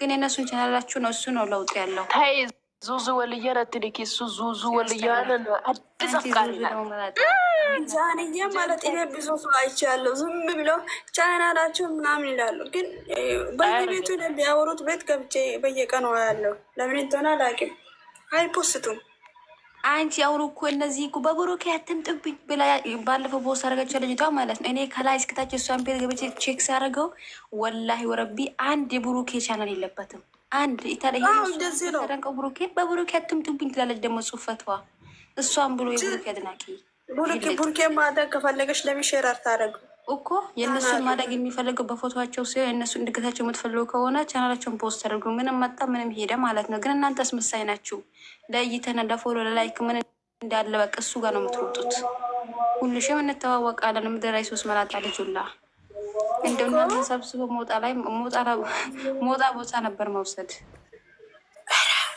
ግን የነሱን ቻናላችሁ ነው። እሱ ነው ለውጥ ያለው። ታይ ዙዙ ወልየነ ትልክ እሱ ዙዙ ወልየነ አዲስ ዛንዬ ማለት ይሄ ብዙ ሰው አይቻለሁ። ዝም ብሎ ቻናላቸው ምናምን ይላሉ፣ ግን በየቤቱ የሚያወሩት ቤት ገብቼ በየቀኑ ያለው ለምን እንደሆነ አላውቅም። አይፖስቱም አንቺ አሁን እኮ እነዚህ እኮ በብሩኬ አትምጥብኝ ብላ ባለፈው ቦስ አረገችው ልጅቷ ማለት ነው። እኔ ከላይ እስከታች እሷን ቤት ገብቼ ቼክ ሳደርገው ወላሂ ወረቢ አንድ የብሩኬ ቻናል የለበትም። አንድ ኢታደንቀው ብሩኬ በብሩኬ አትምጥብኝ ትላለች። ደግሞ ጽሁፈትዋ እሷን ብሎ የብሩኬ አድናቂ ብሩኬ ብሩኬ ማደግ ከፈለገች ለሚሸራር ታደረገው እኮ የእነሱን ማደግ የሚፈልገው በፎቶቸው ሲሆን የእነሱን እድገታቸው የምትፈልጉ ከሆነ ቻናላቸውን ፖስት አድርጉ። ምንም መጣ ምንም ሄደ ማለት ነው። ግን እናንተ አስመሳይ ናችሁ። ለእይተና ለፎሎ ለላይክ ምን እንዳለ በቃ እሱ ጋር ነው የምትወጡት። ሁልሽም እንተዋወቃለን። ምድር ላይ ሶስት መላጣ ልጁላ እንደው እናንተ ሰብስቦ ሞጣ ላይ ሞጣ ቦታ ነበር መውሰድ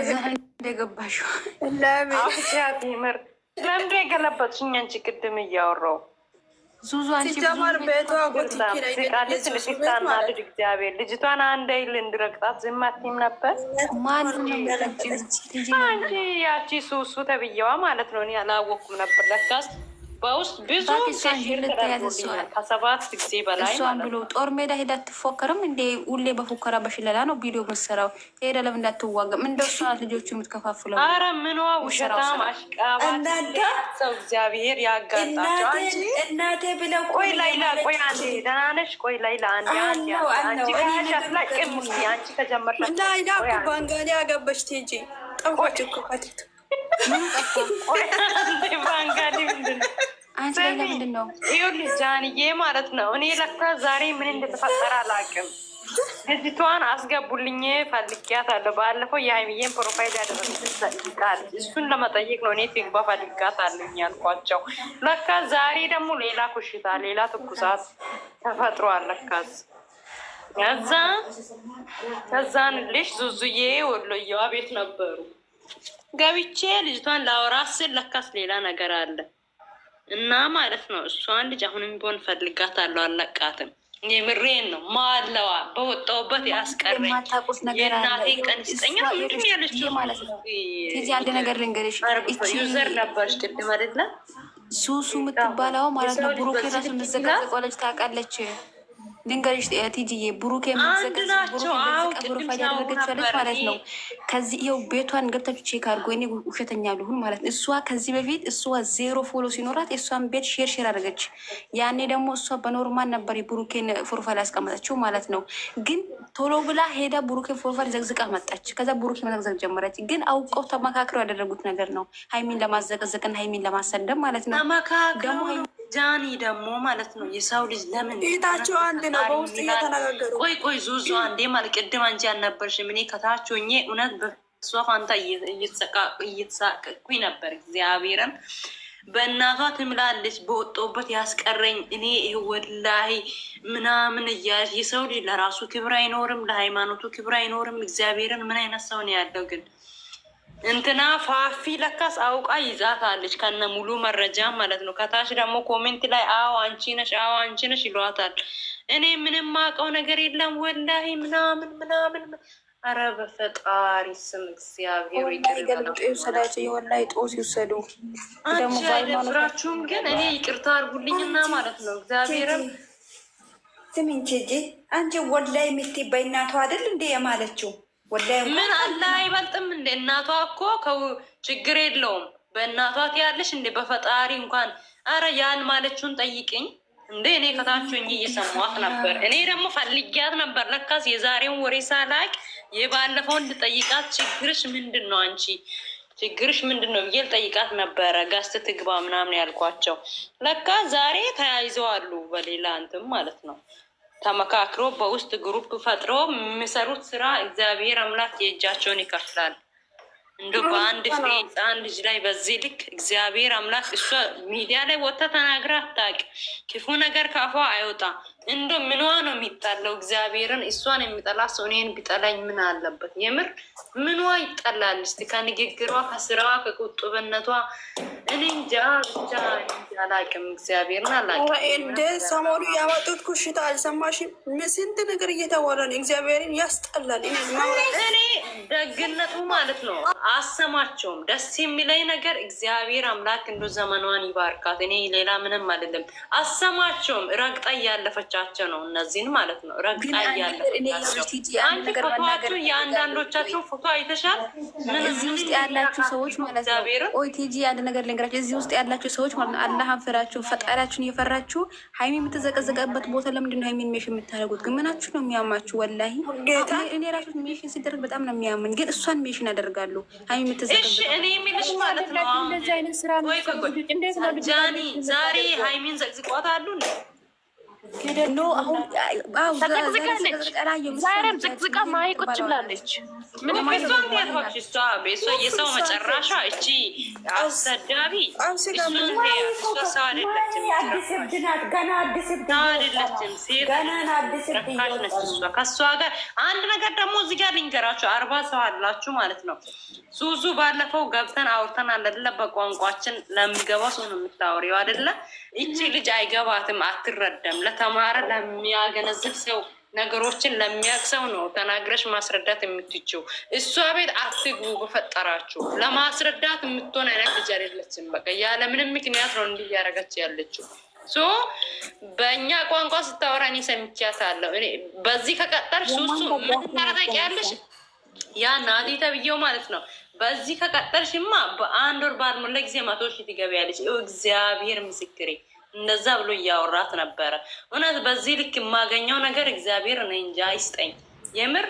እዛ እንደገባሽው አንቺ ቅድም እያወራው ዙዙ ልጅ እግዚአብሔር ልጅቷን አንድ ይል እንድረግጣት ነበር። ያቺ ሱሱ ተብዬዋ ማለት ነው። እኔ አላወኩም ነበር ለካስ በውስጥ ብዙ ከሰባት ጊዜ በላይ እሷን ብሎ ጦር ሜዳ ሄዳ አትፎከርም እንዴ? ሁሌ በፉከራ በሽለላ ነው ቪዲዮ የምትሰራው። ሄዳ ለምን እንዳትዋገም? እንደው እሷ ናት ልጆቹ የምትከፋፍለው። ኧረ ምኗ ውሸታም አሽቃባሰው። እግዚአብሔር ያጋጣቸው። እናቴ ብለው ቆይ ላይላ፣ ቆይ አንዴ፣ ደህና ነሽ? ቆይ ላይላ፣ አንዴ አንቺ ከጀመርሽ ላይላ ባንጋሊ አገባሽ ቴጂ ጠንኳቸው እኮ አንቺ ላይ ለምንድን ነው ይኸውልሽ፣ ጃንዬ ማለት ነው እኔ ለካ ዛሬ ምን እንደተፈጠረ አላውቅም። ልጅቷን አስገቡልኝ ፈልጊያታለሁ። ባለፈው የሀይሚዬን ፕሮፋይል ያደረግኩት ፈልጋል። እሱን ለመጠየቅ ነው እኔ ትግባ ፈልጊያታለሁ ያልኳቸው። ለካ ዛሬ ደግሞ ሌላ ኩሽታ፣ ሌላ ትኩሳት ተፈጥሯል ለካስ ከዛ ከዛን ልሽ ዙዙዬ ወሎየዋ ቤት ነበሩ ገብቼ ልጅቷን ላወራ ስል ለካስ ሌላ ነገር አለ እና ማለት ነው። እሷን ልጅ አሁንም ቢሆን ፈልጋታለሁ፣ አለቃትም። የምሬን ነው። ማለዋ በወጣውበት ያስቀረኝ ነገር ሱሱ የምትባለው ማለት ነው። ብሩክ ራሱ የምትዘጋዘ ቆለጅ ታውቃለች ድንጋዮች ቲጂዬ ብሩኬ ያደረገች ማለት ነው። ከዚህ ይኸው ቤቷን ገብታችሁ ቼክ አድርጎ ኔ ውሸተኛ ልሁን ማለት ነው። እሷ ከዚህ በፊት እሷ ዜሮ ፎሎ ሲኖራት እሷን ቤት ሼር ሼር አደረገች። ያኔ ደግሞ እሷ በኖርማል ነበር የብሩኬን ፎርፋል ያስቀመጠችው ማለት ነው። ግን ቶሎ ብላ ሄዳ ብሩኬን ፎርፋል ዘግዝቃ መጣች። ከዛ ብሩኬ መዘግዘግ ጀመረች። ግን አውቀው ተመካክረው ያደረጉት ነገር ነው። ሀይሚን ለማዘቀዘቅና ሀይሚን ለማሰደብ ማለት ነው ደግሞ ዳኒ ደግሞ ማለት ነው የሰው ልጅ ለምን ይታቸው አንድ ነው። በውስጥ እየተነጋገሩ ቆይ ቆይ ዙዙ አንዴ ማለት ቅድም አንቺ አልነበርሽም። እኔ ከታቸው ኘ እውነት በእሷ ፋንታ እየተሳቀቅኩኝ ነበር። እግዚአብሔርን በእናቷ ትምላለች። በወጦበት ያስቀረኝ እኔ ወላሂ ምናምን እያለች የሰው ልጅ ለራሱ ክብር አይኖርም፣ ለሃይማኖቱ ክብር አይኖርም። እግዚአብሔርን ምን አይነት ሰው ነው ያለው ግን እንትና ፋፊ ለካስ አውቃ ይዛታለች ከነ ሙሉ መረጃ ማለት ነው። ከታች ደግሞ ኮሜንት ላይ አዎ አንቺ ነሽ፣ አዎ አንቺ ነሽ ይሏታል። እኔ ምንም አውቀው ነገር የለም ወላሂ ምናምን ምናምን። አረ በፈጣሪ ስም እግዚአብሔር ይወላይ ጦስ ይውሰዱ። አንቺ አይደፍራችሁም ግን እኔ ይቅርታ አርጉልኝና ማለት ነው እግዚአብሔርም ስምንቺ እጂ አንቺ ወላይ የምትባይ እናቷ አይደል እንዴ የማለችው ምን አለ አይበልጥም እንደ እናቷ እኮ ችግር የለውም። በእናቷ ትያለሽ እንደ በፈጣሪ እንኳን አረ ያን ማለችውን ጠይቅኝ እንደ እኔ ከታችሁ እኝ እየሰማት ነበር። እኔ ደግሞ ፈልጊያት ነበር። ለካስ የዛሬውን ወሬ ሳላቅ የባለፈውን ልጠይቃት ችግርሽ ምንድን ነው አንቺ ችግርሽ ምንድን ነው ብዬ ልጠይቃት ነበረ። ጋስት ትግባ ምናምን ያልኳቸው ለካ ዛሬ ተያይዘዋሉ በሌላ እንትን ማለት ነው። ተመካክሮ በውስጥ ግሩፕ ፈጥሮ የሚሰሩት ስራ እግዚአብሔር አምላክ የእጃቸውን ይከፍላል። እንዶ በአንድ ፍሬ ህፃን ልጅ ላይ በዚህ ልክ እግዚአብሔር አምላክ እሷ ሚዲያ ላይ ወጥታ ተናግራ አታውቅ። ክፉ ነገር ከአፏ አይወጣ እንደ ምንዋ ነው የሚጠላው? እግዚአብሔርን እሷን የሚጠላ ሰው እኔን ቢጠላኝ ምን አለበት? የምር ምንዋ ይጠላል? እስቲ ከንግግሯ፣ ከስራዋ፣ ከቁጡብነቷ እኔ እንጃ ብቻ አላቅም። እግዚአብሔርን አላቅም። እንደ ሰሞኑ ያመጡት ኩሽታ አልሰማሽም? ስንት ነገር እየተወረ ነው። እግዚአብሔርን ያስጠላል። እኔ ደግነቱ ማለት ነው አሰማቸውም ደስ የሚለኝ ነገር እግዚአብሔር አምላክ እንዶ ዘመኗን ይባርካት። እኔ ሌላ ምንም አይደለም። አሰማቸውም ረግጣ እያለፈች እየረገጠቻቸው ነው። እነዚህን ማለት ነው ረግጣ እያለቻቸው የአንዳንዶቻቸው ፎቶ አይተሻል። እዚህ ውስጥ ያላችሁ ሰዎች ማለት ነው። ኦይ ቲጂ አንድ ነገር ልንገራችሁ። እዚህ ውስጥ ያላችሁ ሰዎች ማለት ነው አላህን ፍራችሁ፣ ፈጣሪያችሁን እየፈራችሁ ሀይሚ የምትዘቀዘቀበት ቦታ ለምንድን ነው ሀይሚን ሜሽን የምታደርጉት? ግን ምናችሁ ነው የሚያማችሁ? ወላሂ እኔ ራሱ ሜሽን ሲደረግ በጣም ነው የሚያምን፣ ግን እሷን ሜሽን ያደርጋሉ። ሀይሚ የምትዘቀዘቀበት ማለት ነው። ጃኒ ዛሬ ሀይሚን ዘቅዝቋታሉ። አሁን ዛሬም ዝቅዝቃ ማይ ብላለች። ምንም እሷ እንዴት ሆንሽ? እሷ የሰው መጨረሻ እቺ አሰዳቢ አይደለችም፣ ከእሷ ጋር አንድ ነገር ደግሞ እዚህ ጋር ልንገራችሁ። አርባ ሰው አላችሁ ማለት ነው። ሱሱ ባለፈው ገብተን አውርተን አለለ በቋንቋችን ለሚገባ ሰው ነው የምታወሪው አደለ? እቺ ልጅ አይገባትም፣ አትረዳም። ለተማረ ለሚያገነዝብ ሰው ነገሮችን ለሚያቅሰው ነው ተናግረሽ ማስረዳት የምትችው። እሷ ቤት አትግቡ በፈጠራችሁ። ለማስረዳት የምትሆን አይነት ልጅ አይደለችም። በቃ ያለምንም ምክንያት ነው እንዲህ እያደረገች ያለችው። ሶ በእኛ ቋንቋ ስታወራ እኔ ሰምቻታለሁ። በዚህ ከቀጠልሽ ሱሱ ምን ያለሽ ያ ናቲ ተብዬው ማለት ነው። በዚህ ከቀጠልሽማ በአንድ ወር ባልሞላ ጊዜ መቶ ሺህ ትገቢያለሽ። እግዚአብሔር ምስክሬ እንደዛ ብሎ እያወራት ነበረ። እውነት በዚህ ልክ የማገኘው ነገር እግዚአብሔር እኔ እንጃ ይስጠኝ። የምር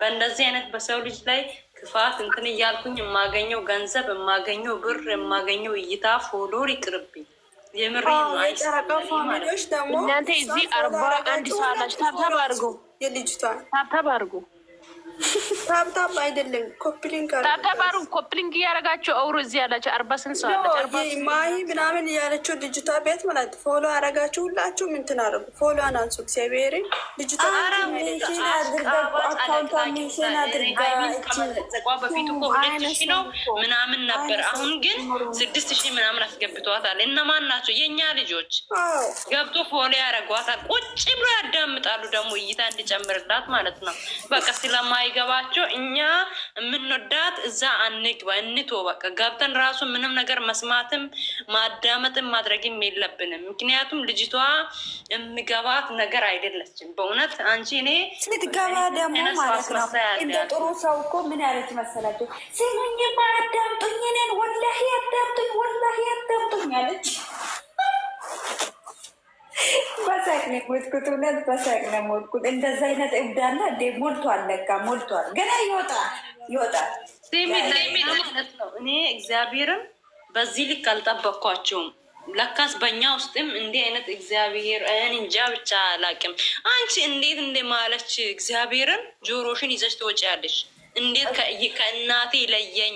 በእንደዚህ አይነት በሰው ልጅ ላይ ክፋት እንትን እያልኩኝ የማገኘው ገንዘብ የማገኘው ብር የማገኘው እይታ ፎሎር ይቅርብኝ። የምር እናንተ እዚህ አርባ አንድ ሰው ሰዓላች ታብታብ አድርጎ የልጅቷ ታብታብ አድርጎ ታብታብ አይደለም ኮፕሊንግ አለ። ታተባሩ ኮፕሊንግ እያደረጋቸው አውሮ እዚህ ያላቸው አርባ ስንት ሰው አለች ማይ ምናምን እያለችው ልጅቷ ቤት ማለት ፎሎ ያደረጋችሁ ሁላችሁም እንትን አደረጉ። ፎሎ አናንሱ እግዚአብሔር ልጅቷ በፊት እኮ ሁለት ሺ ነው ምናምን ነበር። አሁን ግን ስድስት ሺ ምናምን አስገብተዋታል። እነማን ናቸው? የእኛ ልጆች ገብቶ ፎሎ ያደረጓታል። ቁጭ ብሎ ያዳምጣሉ። ደግሞ እይታ እንዲጨምርላት ማለት ነው። በቃ ስለማይ ስለማይገባቸው እኛ የምንወዳት እዛ አንግባ እንቶ በቃ ገብተን ራሱ ምንም ነገር መስማትም ማዳመጥም ማድረግም የለብንም። ምክንያቱም ልጅቷ የምገባት ነገር አይደለችም። በእውነት አንቺ እኔ ስትገባ ደግሞ ማለት ነው እንደ ጥሩ ሰው እኮ ምን ያለች መሰላቸው ሲሉኝማ አዳምጡኝ፣ እኔን ወላሂ አዳምጡኝ፣ ወላሂ አዳምጡኝ አለች። በሳቅ ነው የሞትኩት። እውነት በሳቅ ነው የሞትኩት። እንደዛ አይነት እብዳና ዴ እንዴ? ሞልቷል፣ ለካ ሞልቷል። ገና ይወጣል ይወጣል። እኔ እግዚአብሔርም በዚህ ልክ አልጠበቅኳቸውም። ለካስ በእኛ ውስጥም እንዲህ አይነት እግዚአብሔር እንጃ ብቻ አላቅም። አንቺ እንዴት እንደማለች እግዚአብሔርን ጆሮሽን ይዘሽ ትወጪያለሽ እንዴት ከእናቴ ለየኝ፣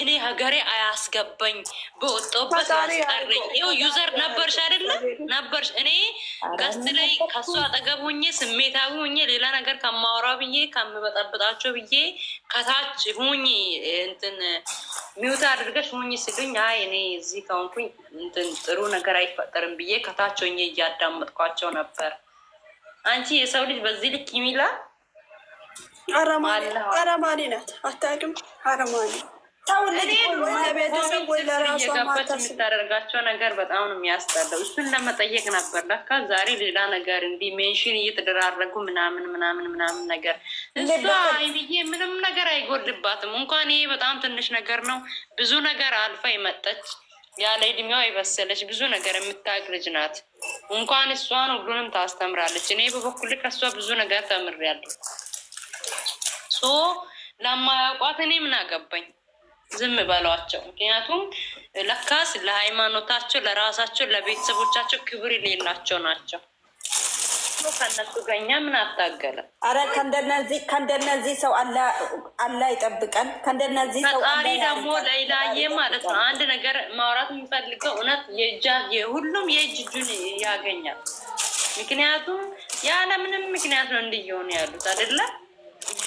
እኔ ሀገሬ አያስገባኝ፣ በወጣሁበት አስቀረኝ። ይኸው ዩዘር ነበርሽ አይደለ ነበርሽ። እኔ ገስት ላይ ከሱ አጠገብ ሁኜ ስሜታዊ ሁኜ ሌላ ነገር ከማወራ ብዬ ከምበጠብጣቸው ብዬ ከታች ሁኜ እንትን ሚውት አድርገሽ ሁኝ ስሉኝ፣ አይ እኔ እዚህ ከሆንኩኝ እንትን ጥሩ ነገር አይፈጠርም ብዬ ከታች ሆኜ እያዳመጥኳቸው ነበር። አንቺ የሰው ልጅ በዚህ ልክ ይሚላ አረማኔ ናት። አታውቅም። አረማኔ እየገባች ነገር በጣም ነው የሚያስጠላው። እሱን ለመጠየቅ ነበር ለካ ዛሬ ሌላ ነገር እንዲህ ሜንሽን እየተደራረጉ ምናምን ምናምን ምናምን ነገር እሷ አይብዬ ምንም ነገር አይጎልባትም። እንኳን ይሄ በጣም ትንሽ ነገር ነው። ብዙ ነገር አልፋ የመጠች ያለ እድሜዋ የበሰለች ብዙ ነገር የምታውቅ ልጅ ናት። እንኳን እሷን ሁሉንም ታስተምራለች። እኔ በበኩል ከእሷ ብዙ ነገር ተምሬያለሁ። ሶ ለማያውቋት እኔ ምን አገባኝ? ዝም በሏቸው። ምክንያቱም ለካስ ለሃይማኖታቸው፣ ለራሳቸው፣ ለቤተሰቦቻቸው ክብር የሌላቸው ናቸው። ከነሱ ገኛ ምን አታገለ? አረ ከእንደነዚህ ከእንደነዚህ ሰው አላ ይጠብቀን። ከእንደነዚህ ሰው ፈጣሪ ደግሞ ለይላየ ማለት ነው። አንድ ነገር ማውራት የሚፈልገው እውነት የሁሉም የእጅ እጁን ያገኛል። ምክንያቱም ያለምንም ምክንያት ነው እንዲየሆኑ ያሉት አይደለም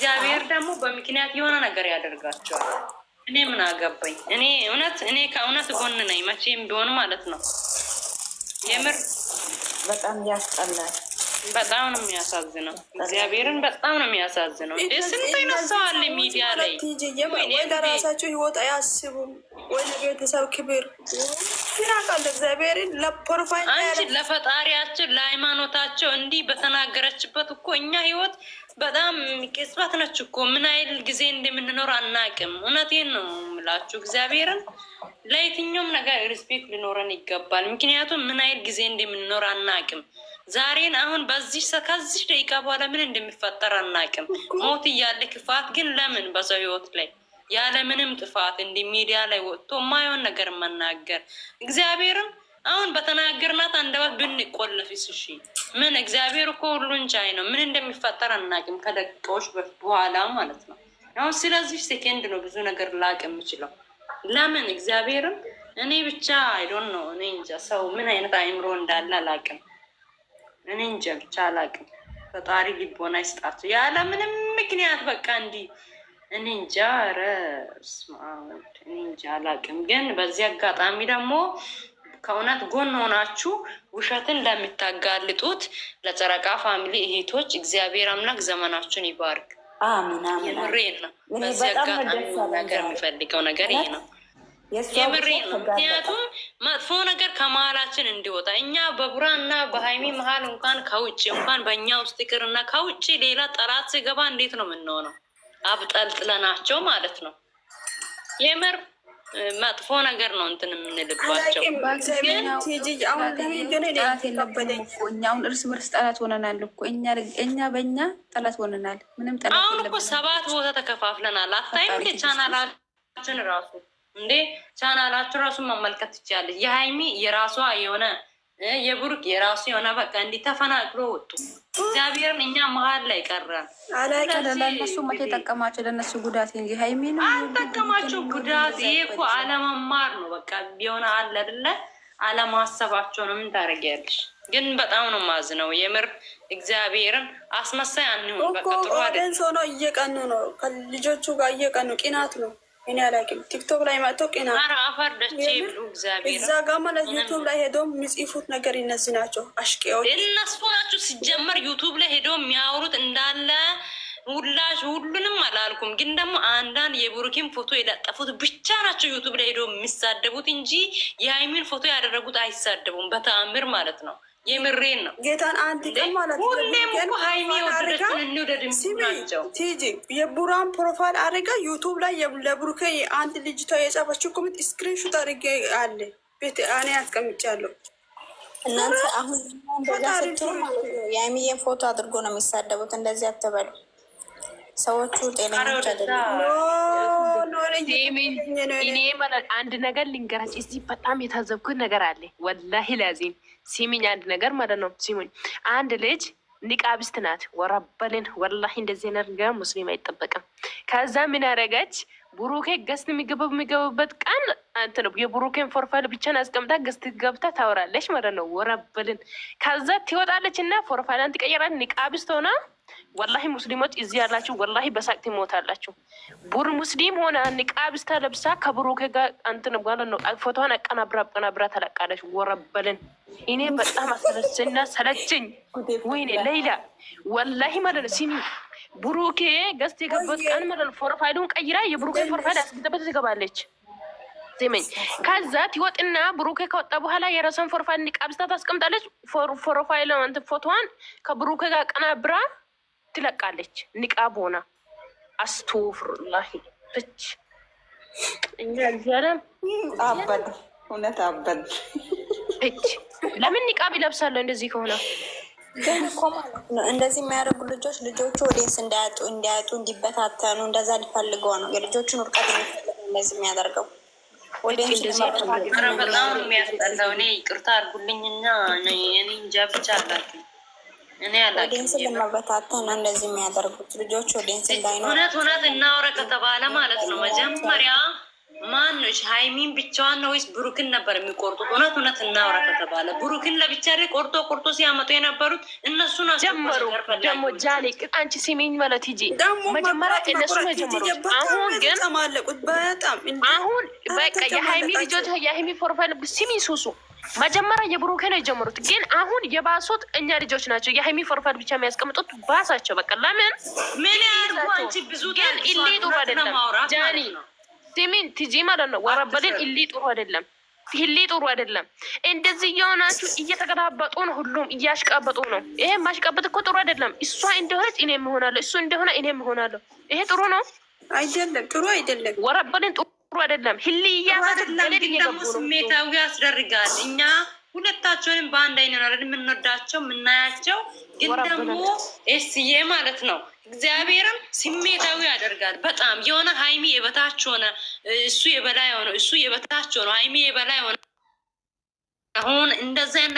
እግዚአብሔር ደግሞ በምክንያት የሆነ ነገር ያደርጋቸዋል። እኔ ምን አገባኝ? እኔ እውነት እኔ ከእውነት ጎን ነኝ መቼም ቢሆን ማለት ነው። የምር በጣም ያስጠላል። በጣም ነው የሚያሳዝነው። እግዚአብሔርን በጣም ነው የሚያሳዝነው። ስንት አይነት ሰው አለ ሚዲያ ላይ ወይ ለራሳቸው ህይወት አያስቡም፣ ወይ ለቤተሰብ ክብር ይራቃል። እግዚአብሔርን ለፕሮፋይል አንቺ ለፈጣሪያችን ለሃይማኖታቸው እንዲህ በተናገረችበት እኮ እኛ ህይወት በጣም ቅጽበት ነች እኮ ምን አይል ጊዜ እንደምንኖር አናቅም። እውነቴን ነው የምላችሁ እግዚአብሔርን ለየትኛውም ነገር ሪስፔክት ሊኖረን ይገባል። ምክንያቱም ምን አይል ጊዜ እንደምንኖር አናቅም። ዛሬን አሁን በዚህ ከዚህ ደቂቃ በኋላ ምን እንደሚፈጠር አናቅም። ሞት እያለ ክፋት ግን ለምን በሰው ህይወት ላይ ያለምንም ጥፋት እንዲ ሚዲያ ላይ ወጥቶ ማየውን ነገር መናገር እግዚአብሔርን አሁን በተናገርናት አንደበት ብንቆለፊስ? እሺ ምን እግዚአብሔር እኮ ሁሉን ቻይ ነው። ምን እንደሚፈጠር አናውቅም፣ ከደቂቃዎች በኋላ ማለት ነው። አሁን ስለዚህ ሴኬንድ ነው ብዙ ነገር ላቅ የምችለው። ለምን እግዚአብሔርም እኔ ብቻ አይዶን ነው። እኔ እንጃ ሰው ምን አይነት አይምሮ እንዳለ አላቅም እኔ እንጃ ብቻ አላቅም ፈጣሪ ሊቦና ይስጣቸው ያለ ምንም ምክንያት በቃ እንዲህ እኔ እንጃ። ኧረ ስማ እኔ እንጃ አላቅም ግን በዚህ አጋጣሚ ደግሞ ከእውነት ጎን ሆናችሁ ውሸትን ለሚታጋልጡት ለጨረቃ ፋሚሊ እህቶች እግዚአብሔር አምላክ ዘመናችሁን ይባርክ። የምሬን ነው። በዚህ አጋጣሚ ነገር የሚፈልገው ነገር ይሄ ነው። የምሬን ነው። ምክንያቱም መጥፎ ነገር ከመሀላችን እንዲወጣ እኛ በቡራ በቡራና በሀይሚ መሀል እንኳን ከውጭ እንኳን በእኛ ውስጥ ይቅርና ከውጭ ሌላ ጠላት ሲገባ እንዴት ነው የምንሆነው? አብጠልጥለናቸው ማለት ነው የምር መጥፎ ነገር ነው እንትን የምንልባቸውሁን እርስ በርስ ጠላት ሆነናል እኮ እኛ በእኛ ጠላት ሆነናል። ምንም ጠላት አሁን እኮ ሰባት ቦታ ተከፋፍለናል። አታይም እንዴ? ቻናላችን ራሱ እንዴ ቻናላችን ራሱን መመልከት ትችላለች። የሀይሚ የራሷ የሆነ የብሩክ የራሱ የሆነ በቃ እንዲህ ተፈናቅሎ ወጡ። እግዚአብሔርን እኛ መሀል ላይ ቀረን። ለእነሱ መቼ ጠቀማቸው? ለእነሱ ጉዳት እንጂ ሀይሚን አልጠቀማቸው። ጉዳት ይሄ እኮ አለመማር ነው። በቃ ቢሆነ አለ አይደለ አለማሰባቸው ነው። ምን ታደርጊያለሽ? ግን በጣም ነው ማዝነው የምር እግዚአብሔርን አስመሳይ አንሆን። በቃ ጥሩ አይደል ሆኖ እየቀኑ ነው፣ ከልጆቹ ጋር እየቀኑ ቅናት ነው እኔ አላውቅም። ቲክቶክ ላይ መጥቶ ቅና እዛ ጋ ማለት ዩቱብ ላይ ሄዶ የሚጽፉት ነገር እነዚህ ናቸው፣ አሽቄዎች እነሱ ናቸው። ሲጀመር ዩቱብ ላይ ሄዶ የሚያወሩት እንዳለ ሁላሽ ሁሉንም አላልኩም፣ ግን ደግሞ አንዳንድ የቡሩኪን ፎቶ የለጠፉት ብቻ ናቸው ዩቱብ ላይ ሄዶ የሚሳደቡት እንጂ የሃይሚን ፎቶ ያደረጉት አይሳደቡም፣ በተአምር ማለት ነው። የምሬን ነው ጌታን አንድ ቀን ማለት ሁሌም እኮ ሀይሚ የወደደችን እንውደድ ናቸው። ቲጂ የቡራን ፕሮፋይል አድርጋ ዩቱብ ላይ ለቡሩኬ አንድ ልጅቷ የጻፈችው ኮሚት ስክሪንሹት አድርጌ አለ ቤት እኔ አስቀምጫለሁ። እናንተ አሁን እንደዛ ስትሉ ማለት ነው የሀይሚዬን ፎቶ አድርጎ ነው የሚሳደቡት። እንደዚህ አትበሉ ሰዎቹ ጤነኞች አይደለም። እኔ አንድ ነገር ልንገራች። እዚህ በጣም የታዘብኩት ነገር አለ። ወላሂ ላዚም ሲሚኝ አንድ ነገር ማለት ነው። ሲሙኝ አንድ ልጅ ኒቃብስት ናት። ወረበልን ወላሂ እንደዚህ ነገር ሙስሊም አይጠበቅም። ከዛ ምን ያደረገች ብሩኬ ገስት የሚገበብ የሚገቡበት ቀን አንተ ነው የብሩኬን ፎርፋይል ብቻን አስቀምጣ ገስት ገብታ ታወራለች ማለት ነው። ወረበልን ከዛ ትወጣለች እና ፎርፋይላን ትቀየራል ኒቃብስት ሆና ወላሂ ሙስሊሞች እዚህ ያላችሁ ወላሂ በሳቅ ትሞታላችሁ። ቡር ሙስሊም ሆነ ንቃብ ስታ ለብሳ ከብሩኬ ጋር አንትን ጓለ ነው ፎቶን አቀናብራ አቀናብራ ተለቃለች። ወረበልን እኔ በጣም አሰለስና ሰለችኝ። ወይኔ ለይላ ወላሂ ማለት ነው ሲሚ ብሩኬ ገዝት የገባት ቀን ማለት ነው ፎርፋይሉን ቀይራ የብሩኬ ፎርፋይል አስገጠበት ትገባለች። ዜመኝ ከዛ ትወጥና ብሩኬ ከወጣ በኋላ የራሷን ፎርፋይል ንቃብ ስታ ታስቀምጣለች። ፎርፋይል ፎቶዋን ከብሩኬ ጋር አቀናብራ ትለቃለች ንቃብ ሆና። አስተፍሩላሂ ብች እኛ እዚያለም አበድ፣ እውነት አበድ ብች። ለምን ንቃብ ይለብሳለሁ እንደዚህ ከሆነ? ግን እኮ ማለት ነው እንደዚህ የሚያደርጉ ልጆች ልጆቹ ወዴስ እንዳያጡ እንዲያጡ እንዲበታተኑ እንደዛ ሊፈልገው ነው። የልጆቹን ውርቀት የሚፈልገው እንደዚህ የሚያደርገው በጣም የሚያስጠላው። እኔ ይቅርታ አድርጉልኝና እኔ እንጃ ብቻ አላቸው ኦዲንስ ለመበታተን ነው እንደዚህ የሚያደርጉት ልጆች። ኦዲንስ እንዳይኖር እውነት እውነት እናውራ ከተባለ ማለት ነው መጀመሪያ ማን ነው ሃይሚን ብቻዋን ነው ወይስ ብሩክን ነበር የሚቆርጡት? እውነት እውነት እናውራ ከተባለ ብሩክን ለብቻ ቆርጦ ቆርጦ ሲያመጡ የነበሩት እነሱ ጀመሩ። ደግሞ ጃሌ አንቺ ሲሜኝ ማለት ሂጂ መጀመሪያ እነሱ መጀመሩት። አሁን ግን አሁን በቃ የሃይሚ ልጆች የሃይሚ ፕሮፋይል ሲሚ ሱሱ መጀመሪያ የብሩኬን የጀመሩት ግን አሁን የባሶት እኛ ልጆች ናቸው። የሀይሚ ፎርፋድ ብቻ የሚያስቀምጡት ባሳቸው። በቃ ለምን ምን ብዙ ግን ኢሊ ጥሩ አይደለም። ጃኒ ትጂ ማለት ነው። ወረበልን ኢሊ ጥሩ አይደለም። ኢሊ ጥሩ አይደለም። እንደዚህ እየሆናችሁ እየተገላበጡ ነው። ሁሉም እያሽቃበጡ ነው። ይሄ ማሽቀበጥ እኮ ጥሩ አይደለም። እሷ እንደሆነች እኔም እሆናለሁ፣ እሱ እንደሆነ እኔም እሆናለሁ። ይሄ ጥሩ ነው አይደለም። ጥሩ አይደለም። ወረበልን ጥሩ አይደለም። ህልያ ደግሞ ስሜታዊ ያስደርጋል። እኛ ሁለታቸውንም በአንድ አይነት አይደል የምንወዳቸው የምናያቸው፣ ግን ደግሞ ኤስዬ ማለት ነው እግዚአብሔርም ስሜታዊ ያደርጋል በጣም የሆነ ሀይሚ የበታች ሆነ እሱ የበላይ ሆነ እሱ የበታች ሆነ ሀይሚ የበላይ ሆነ አሁን እንደዛ